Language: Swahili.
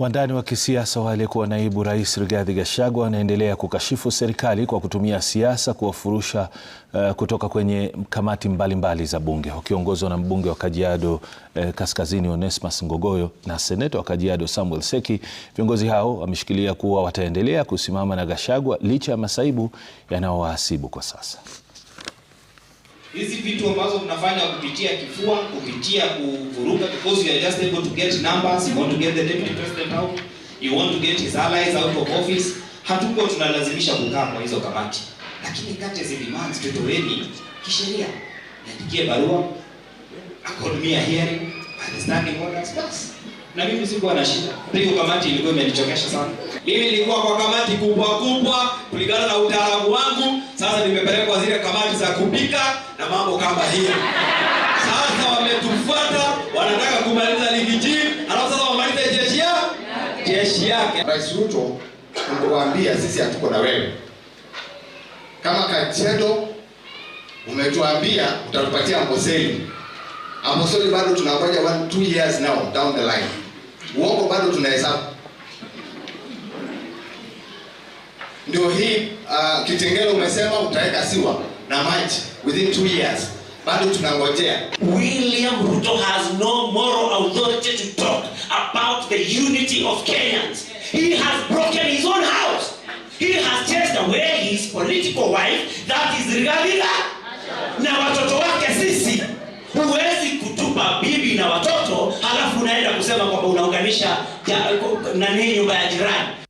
Wandani wa kisiasa wa aliyekuwa naibu rais Rigathi Gachagua wanaendelea kukashifu serikali kwa kutumia siasa kuwafurusha uh, kutoka kwenye kamati mbalimbali mbali za bunge, wakiongozwa na mbunge wa Kajiado uh, Kaskazini Onesmus Ngogoyo na seneta wa Kajiado Samuel Seki. Viongozi hao wameshikilia kuwa wataendelea kusimama na Gachagua licha ya masaibu yanayowaasibu kwa sasa hizi vitu ambazo tunafanya kupitia kifua, kupitia kuvuruga, because you are just able to get numbers, you want to get the deputy president out, you want to get his allies out of office. Hatuko tunalazimisha kukaa kwa hizo kamati, lakini kati hizi demands tutoweni kisheria, niandikie barua, accord me a hearing, by the standing orders, basi na mimi sikuwa na shida. Hiyo kamati ilikuwa imenichokesha sana. Mimi nilikuwa kwa kamati kubwa kubwa kulingana na utaalamu wangu. Sasa nimepelekwa zile kamati za kupika mambo kama hiyo. Sasa wametufuata, wanataka kumaliza ligi jii, alafu sasa wamalize jeshi ya jeshi yake. Rais Ruto kukuambia sisi hatuko na wewe. Kama Kachedo umetuambia utatupatia Amboseli. Amboseli bado tunangoja 1 2 years now down the line. Uongo bado tunahesabu. ndio hii uh, kitengele umesema utaweka siwa na maji within two years, bado tunangojea. William Ruto has no moral authority to talk about the unity of Kenyans. He has broken his own house. He has chased away his political wife that is Rigathira na watoto wake sisi. Huwezi kutupa bibi na watoto halafu unaenda kusema kwamba unaunganisha nani nyumba ya jirani.